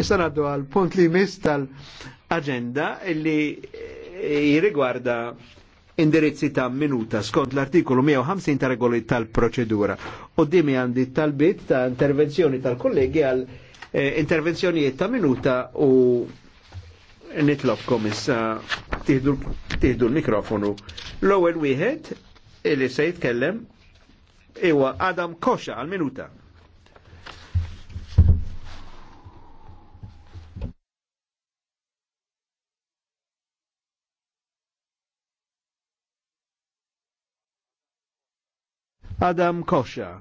Issa naddu għal punt li mis tal-agenda illi eh, jirigwarda indirizzi ta' minuta skont l-artikolu 150 ta' regoli tal-proċedura. U dimi għandi tal-bit ta' intervenzjoni tal-kollegi għal eh, intervenzjonijiet ta' minuta u nitlobkom issa tiħdu l-mikrofonu. L-ewwel wieħed illi se jitkellem iwa Adam Kosha għal minuta. Adam Kosha.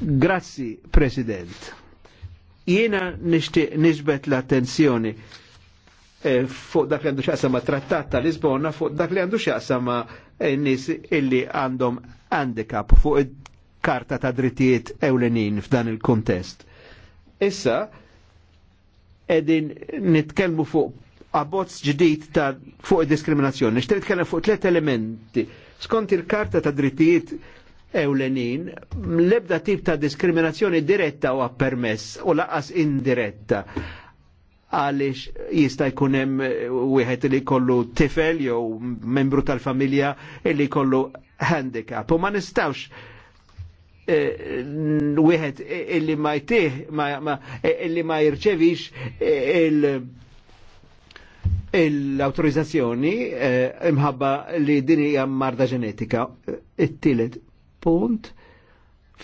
Grazzi, President. Jiena nixtieq nixbet l-attenzjoni eh, fuq dak li għandu xaqsa ma trattat ta' Lisbona, fuq dak li għandu xaqsa ma eh, nis illi għandhom handicap fuq il-karta ta' drittijiet ewlenin f'dan il-kontest. Issa, edin nitkelmu fuq abbozz ġdid ta' fuq diskriminazzjoni. Nixtieq nitkellem fuq tliet elementi. Skont il-Karta ta' Drittijiet Ewlenin, l-ebda tip ta' diskriminazzjoni diretta u permess u laqas indiretta għalix jista' jkun hemm eh, wieħed li kollu tifel jew membru tal-familja li kollu handicap. U ma nistawx eh, wieħed illi ma jtih, eh, illi ma jirċevix il- l-autorizzazzjoni eh, imħabba li din hija marda ġenetika. Eh, it-tielet punt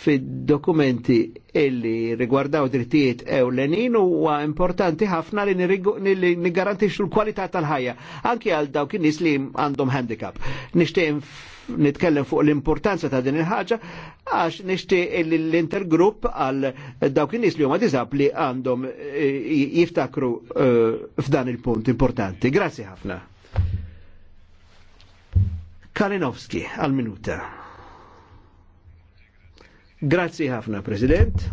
fid-dokumenti illi rigwardaw drittijiet ewlenin huwa importanti ħafna li nigarantixxu l-kwalità tal-ħajja anke għal dawk in-nies li għandhom handicap. Nixtieq nitkellem fuq l-importanza ta' din il-ħaġa għax nixtieq l-intergrupp għal dawk in-nies li huma diżabli għandhom e, jiftakru e, f'dan il-punt importanti. Grazzi ħafna. Kalinowski għal minuta. Grazzi ħafna, President.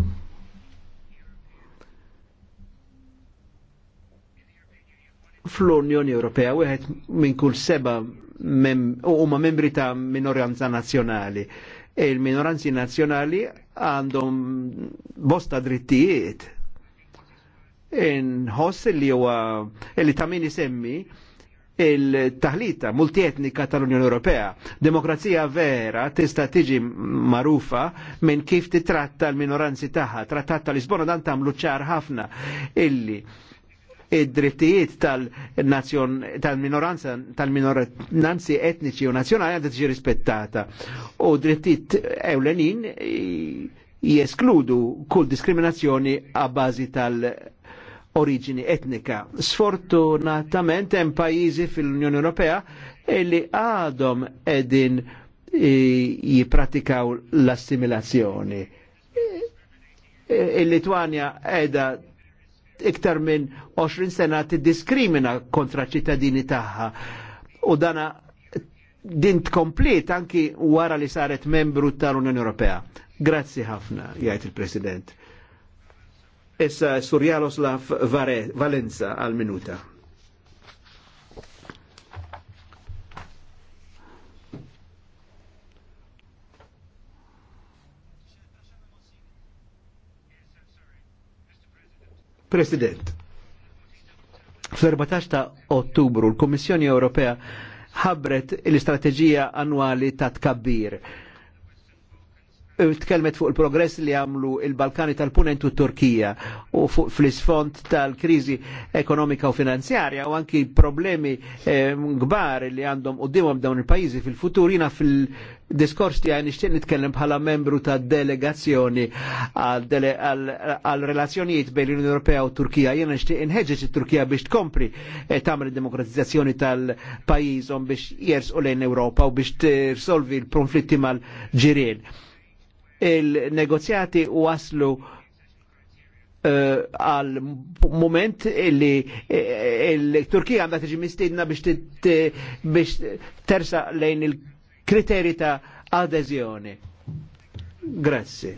fl-Unjoni Ewropea wieħed minn kull seba' huma membri ta' minoranza nazzjonali. E il-minoranzi nazzjonali għandhom bosta drittijiet. Nħoss li huwa e li ta' min isemmi il-taħlita multietnika tal-Unjoni Ewropea. Demokrazija vera tista tiġi marufa minn kif titratta l-minoranzi tagħha. Trattat l lisbona dan tagħmlu ċar ħafna illi id-drittijiet tal-minoranza nazzjon tal tal-minoranzi etniċi u nazjonali għandha tiġi rispettata. U drittijiet ewlenin jeskludu kull diskriminazzjoni a bażi tal- oriġini etnika. Sfortunatament hemm pajjiżi fil-Unjoni Ewropea li għadhom edin eh, jipratikaw l-assimilazzjoni. Eh, il litwania edha iktar minn 20 sena tiddiskrimina kontra ċittadini tagħha. U dana dint komplet anki wara li saret membru tal-Unjoni Ewropea. Grazzi ħafna, jgħid il-President. Issa Surjalos Laf Valenza għal-minuta. President, fl-14 ta' Ottubru l-Kommissjoni Ewropea ħabbret l-istrateġija annwali ta' tkabbir tkellmet fuq il-progress li għamlu il-Balkani tal-Punent u Turkija u fuq fl-isfond tal-krizi ekonomika u finanzjarja u anki problemi gbar li għandhom u dimom dawn il-pajizi fil-futur jina fil-diskors ti għajni nitkellem bħala membru ta' delegazzjoni għal relazzjonijiet bejn l-Unjoni Ewropea u Turkija jina nixtieq inħeġġeġ il turkija biex tkompri eh, tamri demokratizzazzjoni tal-pajjiżhom biex u lejn Ewropa u biex t-solvi l-konflitti mal-ġirien il-negozjati waslu eh, għal moment li eh, il-Turkija għandha tiġi mistidna biex tersa lejn il-kriteri ta' adeżjoni. Grazzi.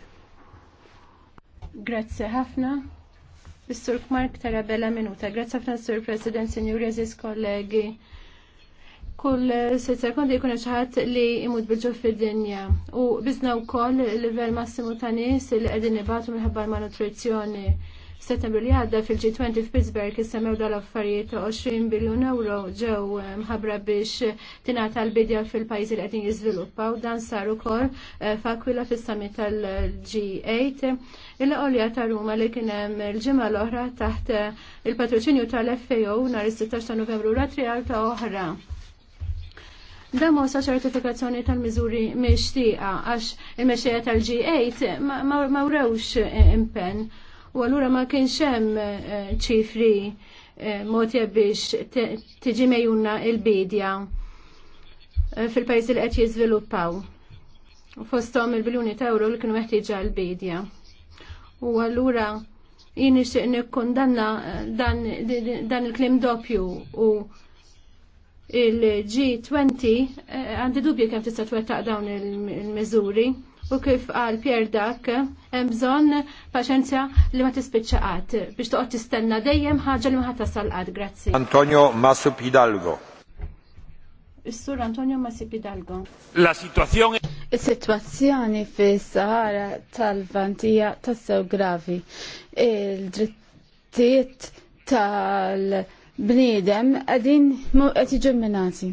Grazzi ħafna. Is-Sur Mark bella minuta. Grazzi ħafna Sur President, Sinjur Jeżis kollegi kull sitt sekondi jkun hemm xi ħadd li jmut bil-ġuf fid-dinja. U biżna wkoll livell massimu ta' nies li qegħdin nibatu minħabba l-malnutrizzjoni. Settembru li għadda fil-G20 f'Pittsburgh issemmew dal-affarijiet 20 biljun euro ġew eh, mħabbra biex tingħata l-bidja fil-pajjiżi li qegħdin jiżviluppaw dan sar ukoll eh, f'Akwila fis-summit tal-G8 il-qolja ta' Ruma li kien hemm il-ġimgħa l-oħra taħt eh, il-patroċinju tal-FAO nhar is-16 ta' Novembru Ratri trial ta' oħra Dan sa ċertifikazzjoni tal-miżuri meċtiqa għax il meċtiqa tal tal-G8 ma wrewx impenn u allura ma kienx hemm eh, ċifri eh, moti biex tiġi mejunna il-bidja eh, fil-pajjiżi li qed jiżviluppaw. Fosthom il-biljuni ta' euro li kienu meħtieġa l-bidja. U allura jien nixtieq nikkondanna dan il-klim doppju u il-G20 eh, għandi dubju kemm tista' twettaq dawn il-miżuri u kif qal Pier Dak hemm bżonn paċenzja li ma tispiċċa qatt biex toqgħod tistenna dejjem ħaġa li ma ħatasal qatt. Grazzi. Antonio Masup Hidalgo. Is-sur Antonio Masup Hidalgo. La situazzjoni Is-sitwazzjoni fis-Sahara tal-Vantija tassew gravi. Il-drittijiet tal-, -tal bniedem għadin qed jiġu minati.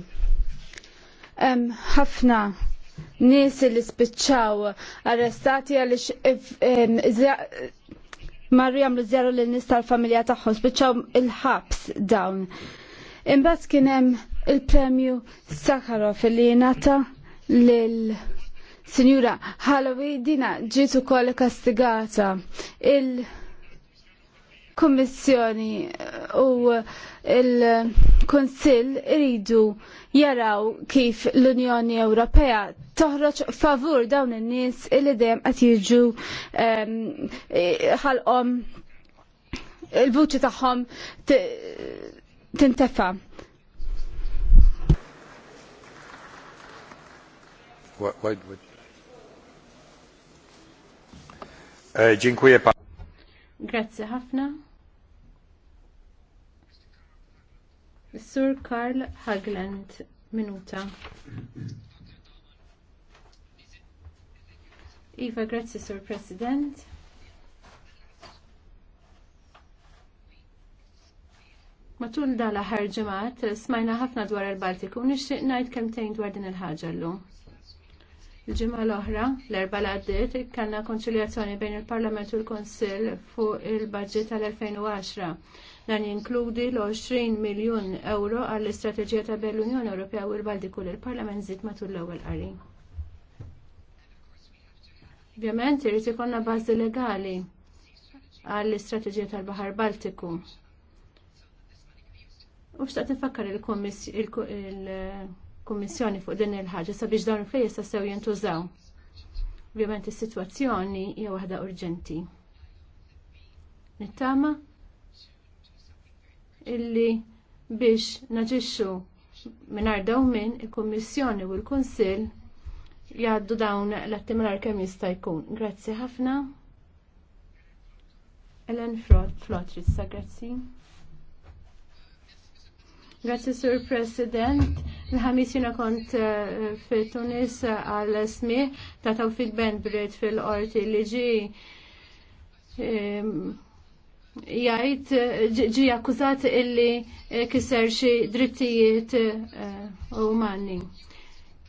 ħafna nies li spiċċaw arrestati għaliex marru jagħmlu żjaru lil nies tal-familja tagħhom spiċċaw il-ħabs dawn. Imbagħad kien hemm il-premju Sakharov li jingħata lil Sinjura Halloween dina ġiet ukoll kastigata. Il- kummissjoni u il-Konsil iridu jaraw kif l-Unjoni Ewropea toħroġ favur dawn in-nies li dejjem qed jiġu ehm, ħalqhom il-vuċi tagħhom tintefa'. Eh, Grazie ħafna. Sur Karl Hagland, minuta. Iva, grazzi, Sur President. Matul dala ħarġemat, smajna ħafna dwar il u nixtieq ngħid kemtejn dwar din il-ħaġa llum. Il-ġimgħa l-oħra, l-erba' għaddiet, kellna konċiljazzjoni bejn il-Parlament u l-Kunsill fuq il budget tal-2010 dan jinkludi l-20 miljun euro għall-istrateġija ta' bell-Unjoni Ewropea u l-baldi kull il-Parlament zid matul l-ewwel qari. Ovvjament irid ikollna bażi legali għall-istrateġija tal-Baħar Baltiku. U xtaqt tinfakkar il-Kummissjoni fuq din il-ħaġa sabiex dawn il-flejjes sew jintużaw. Ovvjament is-sitwazzjoni hija waħda urġenti. Nittama illi biex naġixxu mingħajr dawn min il-Kummissjoni u l-Kunsill jgħaddu dawn l-attimlar kem jista' jkun. Grazzi ħafna. Ellen Flot, issa grazzi. Grazzi Sur President. Il-ħamis jina kont eh, fi Tunis għal smi ta' Tawfik Ben Brit fil-qorti li ġi jgħid ġi akkużat illi eh, kisser xi drittijiet eh, umani.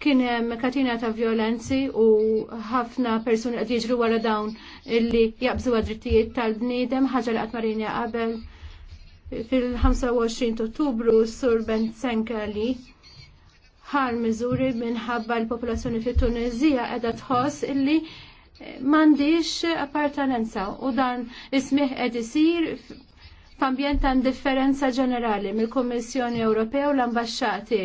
Kien hemm katina ta' violenzi u ħafna persuni qed jiġru wara dawn illi jaqbżu drittijiet tal-bniedem ħaġa li qatt marina qabel fil-25 Ottubru sur Ben Senkali ħar miżuri minħabba l-popolazzjoni fit-Tunizija qiegħda tħoss illi mandiċ appartenenza u dan ismiħ edisir f'ambjent ta' differenza ġenerali mill-Kommissjoni Ewropea u l-Ambasċati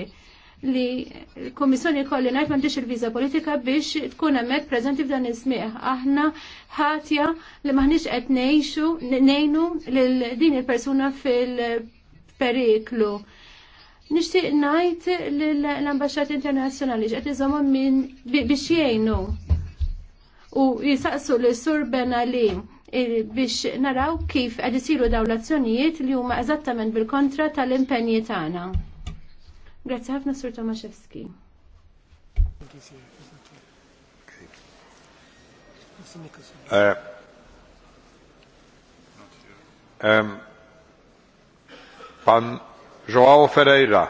li l-Kommissjoni kolli najt mandiċ il-viza politika biex tkun hemmhekk preżenti f'dan ismiħ. Aħna ħatja li maħniċ qed nejnu lil din il-persuna fil-periklu. Nixtieq ngħid l-Ambasċati Internazzjonali iżomu iżommhom biex jgħinu u jisaqsu li sur Benali biex naraw kif qed isiru dawn l-azzjonijiet li huma eżattament bil-kontra tal-impenji tagħna. Grazzi ħafna Sur Tomaszewski. Eh, pan Joao Ferreira.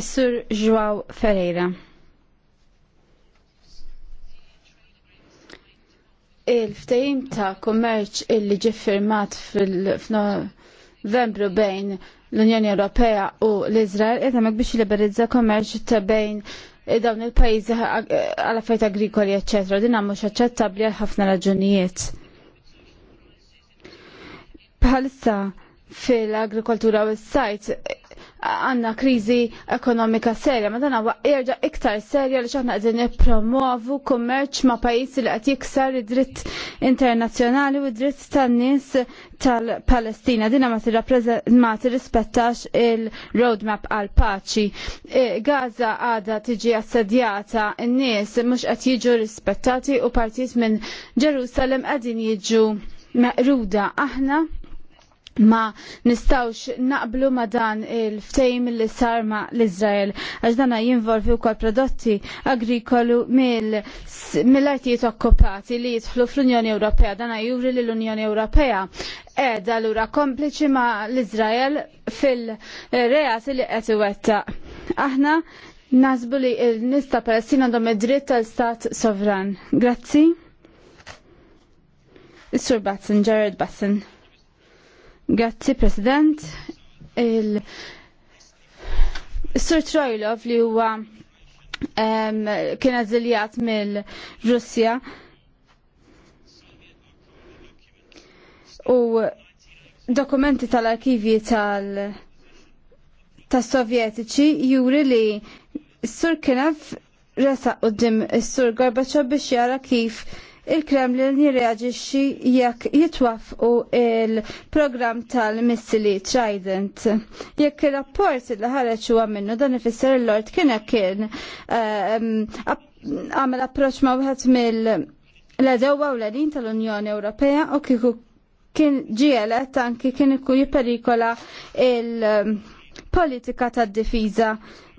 sur Joao Ferreira. il-ftehim ta' kummerċ illi ġi firmat fil-Novembru bejn l-Unjoni Ewropea u l-Izrael qed biex liberizza kummerċ ta' bejn dawn il-pajjiżi għal fejt agrikoli ecc. Din mhux aċċettabbli għal ħafna raġunijiet. Bħalissa fil-agrikoltura u s-sajt għanna krizi ekonomika serja, ma dana jirġa iktar serja li xaħna għedin nipromovu kummerċ ma pajisi li għat jiksar id-dritt internazjonali u id-dritt tan-nis tal-Palestina. Dina ma t-rispettax il-roadmap għal-paċi. E, Gaza għada tiġi assedjata, n-nis mux għat jiġu rispettati u partijis minn Ġerusalem għadin jiġu meqruda. Aħna ma nistawx naqblu ma dan il-ftejm li sar ma l-Izrael għax dana jinvolvi u kol prodotti agrikolu mill-artijiet okkupati li jidħlu fl-Unjoni Ewropea dana juri li l-Unjoni Ewropea edha l-ura kompliċi ma l-Izrael fil reati li qed iwetta. Aħna nasbu li nista Palestina dom id-dritt tal-stat sovran. Grazzi. Is-Sur Batson, Jared Batson. Grazzi, President. Il... Sir Trojlov li huwa um, kien eżiljat mill-Russja u dokumenti tal-arkivi tal- arkivi tal ta' sovjetiċi juri li s Sur Kenev resa dim is-Sur Gorbaċov biex jara kif il-Kremlin jirreagġixxi jekk jitwafqu il-programm tal-missili Trident. Jekk ir-rapport li ħareġ huwa minnu dan ifisser il-Lord kien hekk kien ehm, għamel approċċ ma' wieħed mill l-edewa u l-edin tal-Unjoni Ewropea u kieku kien ġielet anki kien ikun jipperikola il- politika tad difiża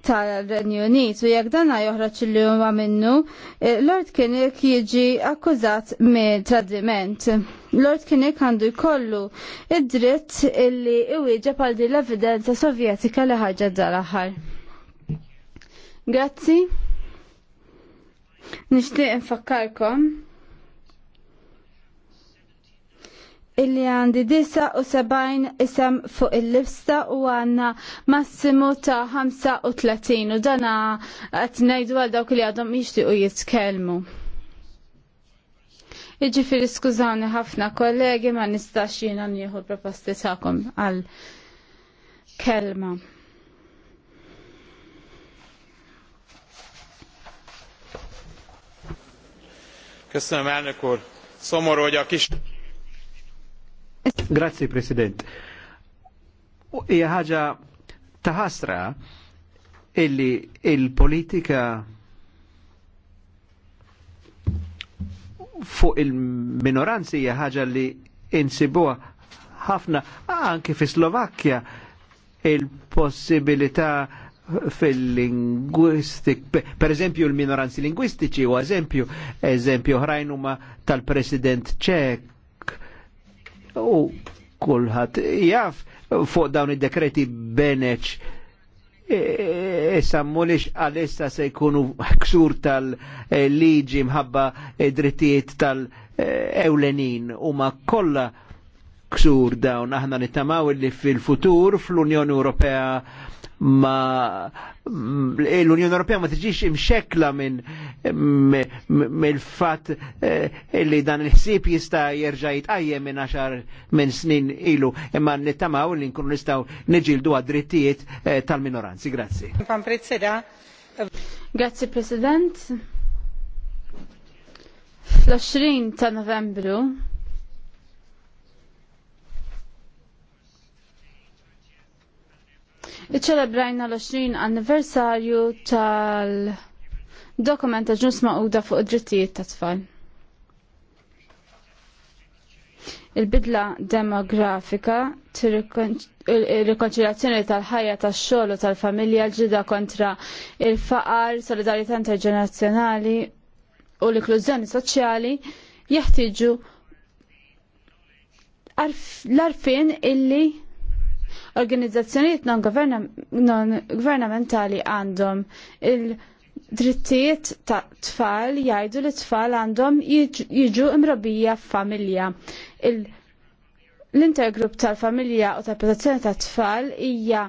tal-Renju Unit u jekk dan joħroġ li huma minnu, eh, Lord Kinnik jiġi akkużat minn tradiment. Lord Kinnik għandu jkollu id-dritt illi iwieġeb għal din l-evidenza sovjetika li ħarġet dal-aħħar. Grazzi. Nixtieq nfakkarkom. illi għandi disa u isem fuq il-lista u għanna massimu ta' 35 u dana għatnejdu għal dawk li għadhom jishtiqu jitkelmu. Iġifiri skużawni ħafna kollegi ma nistax jina nieħu proposti ta'kom għal kelma. Köszönöm, elnök úr! Szomorú, hogy a kis... Grazzi, President. Ija ħaġa taħasra illi il-politika fuq il-minoranzi hija ħaġa li insibuha ħafna anki fi Slovakkja il-possibilità fil-lingwistik, per eżempju l-minoranzi lingwistiċi u eżempju, eżempju ħrajn huma tal-President ċek u kulħadd jaf fuq dawn id-dekreti beneċ e, għal e, għalissa se jkunu ksur tal-liġi mħabba drittijiet tal-ewlenin u ma kolla ksur dawn aħna nittamaw li fil-futur fl-Unjoni Ewropea ma eh, l-Unjoni Ewropea ma tiġix imxekla minn mill-fatt eh, li dan il-ħsieb jista' jerġa' jitqajjem minn għaxar minn snin ilu imma nittamaw li nkunu nistgħu niġildu għad-drittijiet eh, tal-minoranzi. Grazzi. Grazzi President. Fl-20 ta' Novembru iċċelebrajna l-20 anniversarju tal-dokument ta' ġus maquda fuq id-drittijiet ta' tfal. Il-bidla demografika, il rekonċilazzjoni tal-ħajja tax-xogħol u tal-familja, l-ġida kontra il-faqar, solidarjetà interġenerazzjonali u l-inklużjoni soċjali jeħtieġu l-arfin illi organizzazzjonijiet non-governamentali għandhom il- drittijiet ta' tfal jgħidu li tfal għandhom jiġu imrobija f'familja. L-intergrupp tal-familja u tal-protezzjoni ta' tfal hija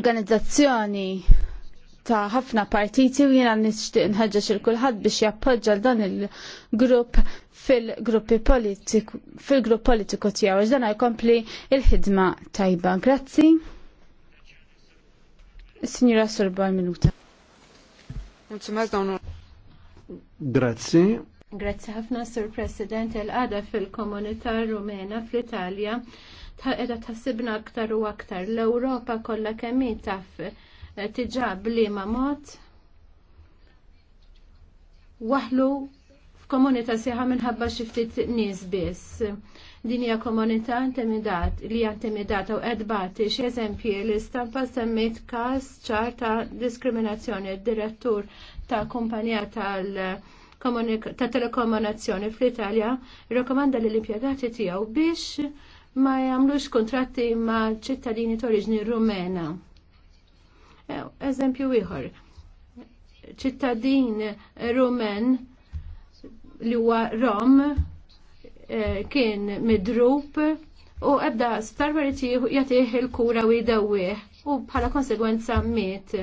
organizzazzjoni ta' ħafna partiti u jiena nixtieq nħeġġeġ il kulħadd biex jappoġġa dan il-grupp fil-gruppi politiku fil-grupp politiku tiegħu għax dan jkompli il-ħidma tajba. Grazzi. Signora Sorba minuta. Grazzi. Grazzi ħafna Sur President il-qada fil-komunità rumena fl-Italja ta' edha tasibna aktar u aktar l-Europa kollha kemm taf tiġa bliema mot waħlu f'komunità sieħa minħabba xi ftit nies biss. Din hija komunità intimidat li hija intimidata u qed qedbati xi eżempji l-istampa semmejt każ ċar ta' diskriminazzjoni d-direttur ta' kumpanija tal- ta' telekomunazzjoni fl-Italja rekomanda li l-impjegati tiegħu biex ma jagħmlux kontratti ma' ċittadini ta' oriġni rumena. Eh, eżempju ieħor, ċittadin eh, rumen li huwa Rom eh, kien midrub u ebda starwerit jagħtih il-kura u jdawwih u bħala konsegwenza miet.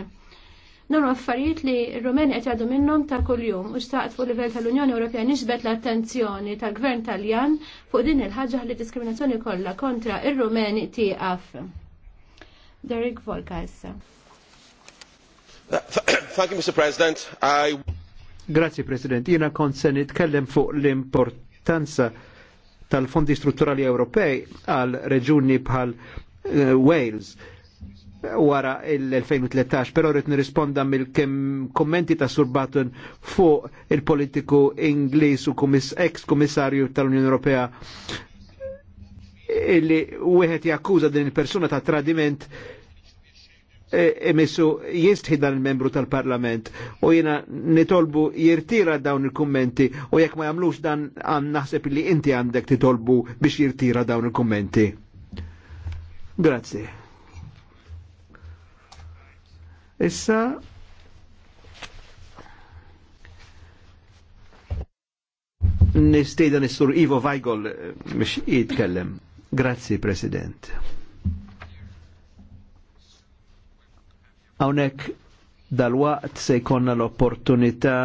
Dawn affarijiet li r-Rumeni qed jgħadu minnhom ta' kuljum u xtaqt fuq livell tal-Unjoni Ewropea nixbet l-attenzjoni tal-Gvern Taljan fuq din il-ħaġa li diskriminazzjoni kollha kontra ir-Rumeni tieqaf. Derek Volka issa. Grazie, President. Jina kont se nitkellem fuq l-importanza tal-fondi strutturali Ewropej għal reġuni bħal eh, Wales wara l-2013, pero rrit nirrisponda mill-kommenti ta' Sur fuq il-politiku Ingliż u ex-komissarju tal-Unjoni Ewropea illi wieħed jakkuża din il-persuna ta' tradiment emissu jistħi dan il-membru tal-parlament u jina nitolbu jirtira dawn il-kommenti u jekk ma jamlux dan għan naħseb li inti għandek titolbu biex jirtira dawn il-kommenti. Grazie. Issa nistejda nistur Ivo Weigol biex jitkellem. Grazie, President. Hawnhekk dal-waqt se jkollna l-opportunità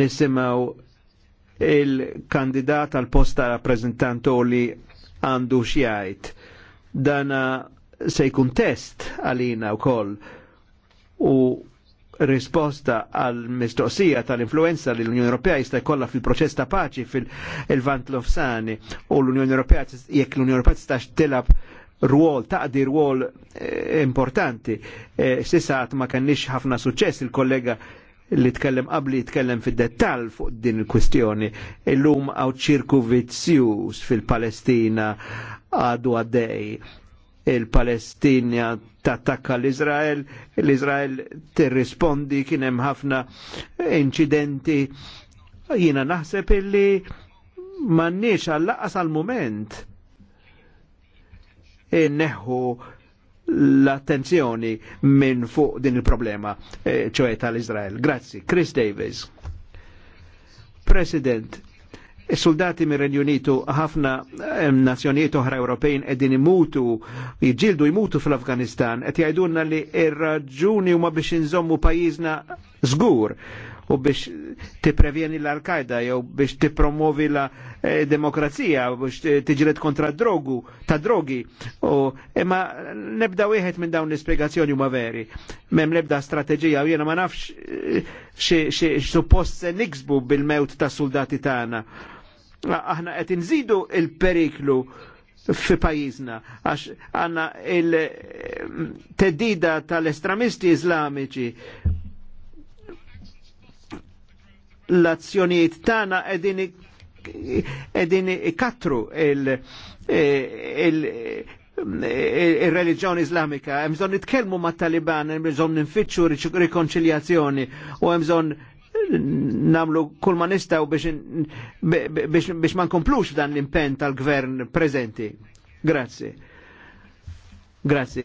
nisimgħu il-kandidat għal posta rappresentantu li għandu xjajt. Dana se jkun test għalina u koll u risposta għal mistoqsija tal-influenza li l-Unjoni Ewropea jista' jkollha fil-proċess ta' paċi fil-Vant Lofsani u l-Unjoni Ewropea jekk l-Unjoni Ewropea tistax tilab rwol, taqdi rwol eh, importanti. Eh, Sisat ma kannix ħafna suċess il-kollega li tkellem qabli tkellem fid-dettall fuq din il-kwistjoni. Illum għaw ċirku vizzjus fil-Palestina għadu għaddej. Il-Palestina tattakka l-Izrael, l-Izrael tirrispondi kien hemm ħafna incidenti. Jina naħseb illi m'għandniex għallaqas għal-moment neħu l-attenzjoni minn fuq din il-problema, eh, ċoħe tal-Izrael. Grazzi. Chris Davis. President, soldati mir renju Unitu ħafna eh, nazzjonijiet oħra Ewropejn qegħdin imutu, jġildu jmutu fl-Afganistan, qed jgħidulna li r-raġuni huma biex inżommu pajjiżna żgur u biex tipprevjeni l-Al-Qaeda jew biex tippromovi la eh, demokrazija u biex tiġret kontra drogu ta' drogi u imma nebda wieħed minn dawn l-ispjegazzjoni huma veri. Mem nebda strateġija u jiena ma nafx eh, xi suppost se niksbu bil-mewt ta' soldati tagħna. Aħna qed inżidu il-periklu fi pajizna, għax għanna il-teddida eh, tal-estremisti islamiċi l-azzjonijiet tagħna qegħdin qegħdin ikatru il-reliġjoni islamika, hemm bżonn nitkellmu mat-Taliban, hemm bżonn ninfittxu rikonċiljazzjoni u hemm bżonn namlu kull ma nistgħu biex ma nkomplux dan l-impen tal-gvern preżenti. Grazzi. Grazzi.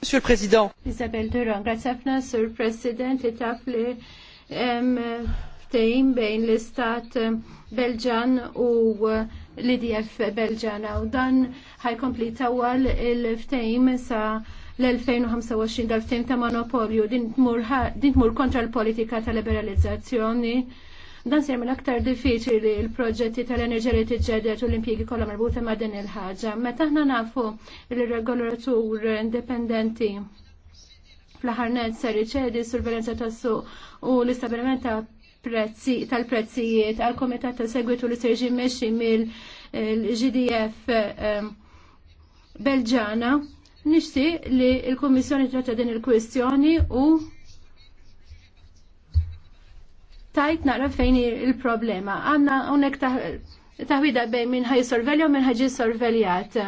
Monsieur le Président. Isabelle Durand, grazie ħafna, Sur President, e taf li ftehim bejn l-Istat Belġan u l-IDF Belġana u dan ħajkompli tawal il-ftehim sa l-2025 dal-ftehim ta' monopolju din tmur kontra l-politika ta' liberalizzazzjoni. Dan ser l aktar diffiċli il-proġetti tal-enerġeri ġedet u l-impjegi kollha marbuta ma' din il-ħaġa. Meta aħna nafu il-regolatur indipendenti fl-aħħar ser iċedi surveljanza tas-suq u l-istabilment ta' prezzi tal-prezzijiet għal komitat ta' segwitu li ser meċi mill-GDF ehm, Belġana. Nixti li il-Kommissjoni tratta din il kwestjoni u tajt nara fejn il-problema. Għanna unek taħwida bejn minn ħaj sorvelja u minn ħagġi sorveljat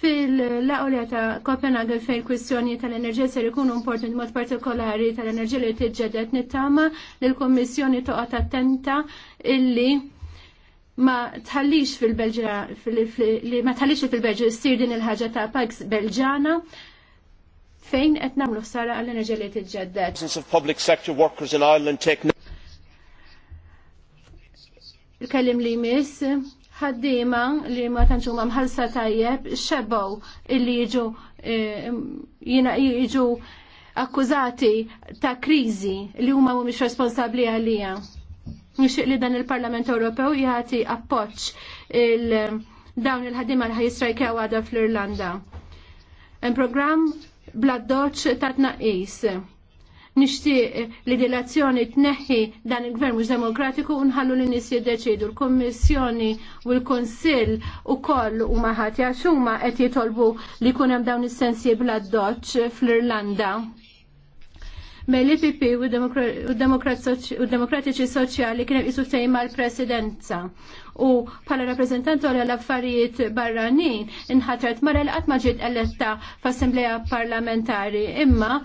fil-laqolja ta' Copenhagen fejn kwistjoni tal-enerġija ser ikunu importanti mod partikolari tal-enerġija li tiġġedet nittama li l-Kommissjoni toqgħod attenta illi ma tħallix fil-Belġa li ma tħallix fil-Belġa ssir din il-ħaġa ta' Pax Belġana fejn qed nagħmlu ħsara għall-enerġija li tiġġedet. Il-kellim li jmiss ħaddiema li ma tantx huma mħalsa tajjeb xebgħu illi jiġu eh, jiena jiġu akkużati ta' kriżi li huma mhumiex responsabbli għalija. Nixtieq li dan il-Parlament Ewropew jagħti appoġġ il dawn il-ħaddiema li ħajistrajkew għadha fl-Irlanda. Hemm programm bla doċ ta' tnaqqis Nixtieq eh, li dilazzjoni tneħħi dan il-gvern mhux demokratiku u nħallu li nies jiddeċidu l-Kummissjoni u l-Kunsill ukoll huma ħadd huma qed jitolbu li jkun hemm dawn is-sensi bla doċ fl-Irlanda. l ipp u d-Demokratiċi Soċjali kien hemm isu mal-Presidenza u bħala rappresentantori l-affarijiet barranin inħatret mara li qatt ma ġiet eletta f'assembleja parlamentari imma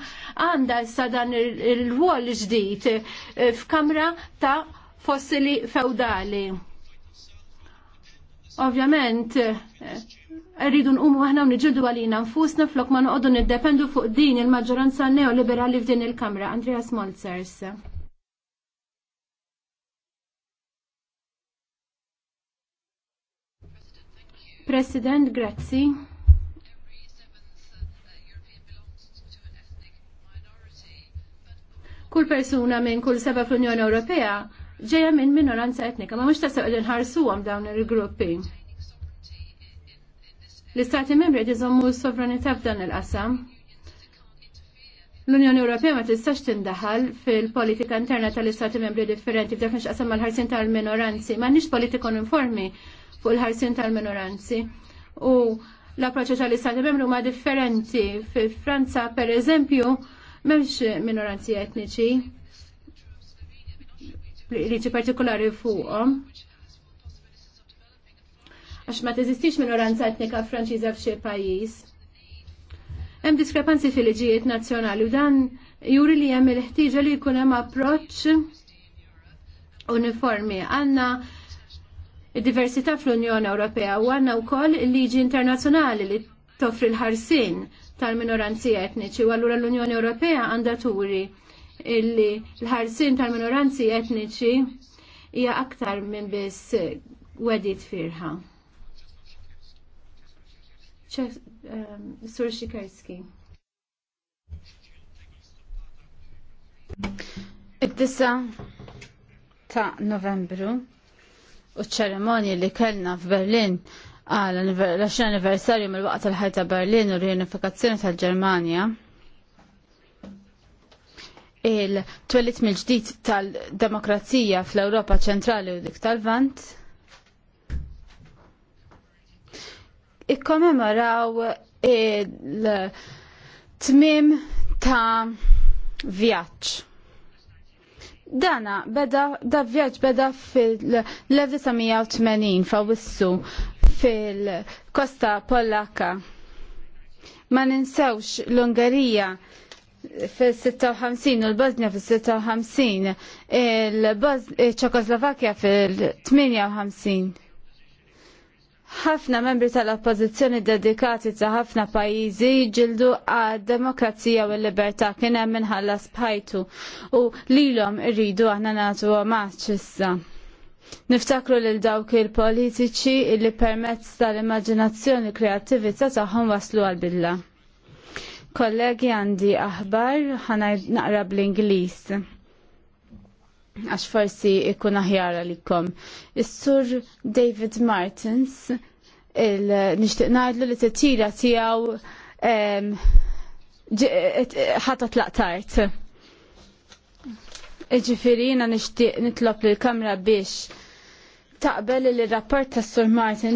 għandha sa dan il-rwol ġdid eh, f'kamra ta' fossili feudali. Ovvjament, eh, rridu nqumu aħna u niġildu għalina nfusna flok ma noqogħdu niddependu fuq din il-maġġoranza neoliberali f'din il-Kamra. Andreas Molzers. President, grazzi. Kull persuna minn kull seba fl-Unjoni Ewropea ġeja minn minoranza etnika, ma mhux tasab qegħdin ħarsuhom dawn il-gruppi. L-Istati membri qed s-sovranità f'dan il-qasam. L-Unjoni Ewropea ma tistax tindaħal fil-politika interna tal-istati membri differenti f'dak nix qasam mal-ħarsin tal-minoranzi, ma nix politikon uniformi fuq il-ħarsin tal-minoranzi. U l approċċa tal-istati membru ma differenti. Fi Franza, per eżempju, memx minoranzi etniċi liġi partikolari fuqhom. Għax ma teżistix minoranza etnika franċiża f'xi pajjiż. Hemm diskrepanzi fil-liġijiet nazzjonali u dan juri li hemm il-ħtieġa li jkun hemm approċċ uniformi. Għandna id-diversità fl-Unjoni Ewropea u għandna wkoll il-liġi internazzjonali li toffri l-ħarsin tal-minoranzi etniċi u allura l-Unjoni Ewropea għandha turi illi l-ħarsin tal-minoranzi etniċi hija aktar minn biss wedit firħa. Ehm, Sur Sikerski. Id-disa ta' Novembru u ċeremonji li kellna f'Berlin għal l-20 anniversarju mill-waqt tal-ħajta Berlin u l-riunifikazzjoni tal-Ġermanja. Il-twellit mill-ġdid tal-demokrazija fl-Ewropa ċentrali u dik tal-Vant. Ikkommemoraw il-tmim ta' vjaċ Dana beda, da vjaġġ beda fil-1980 fawissu fil-Kosta Pollaka. Ma ninsewx l-Ungarija fil-56 u l-Bosnia fil-56, il ċekoslovakkja fil-58 ħafna membri tal-oppożizzjoni dedikati ta' ħafna pajjiżi jġildu għad demokrazija u l-libertà kien hemm inħallas bħajtu u lilhom irridu aħna nagħtu maċ issa. Niftakru lil dawk il-politiċi illi permezz tal-immaġinazzjoni kreattività tagħhom waslu għall billa. Kollegi għandi aħbar ħanaj naqra bl-Ingliż għax forsi ikun aħjar għalikom. Is-sur David Martins, il-nishtiq najdlu li t-tira tijaw ħata t-laqtart. Iġifirina nishtiq nitlob l-kamra biex taqbel il-rapport tas-sur Martin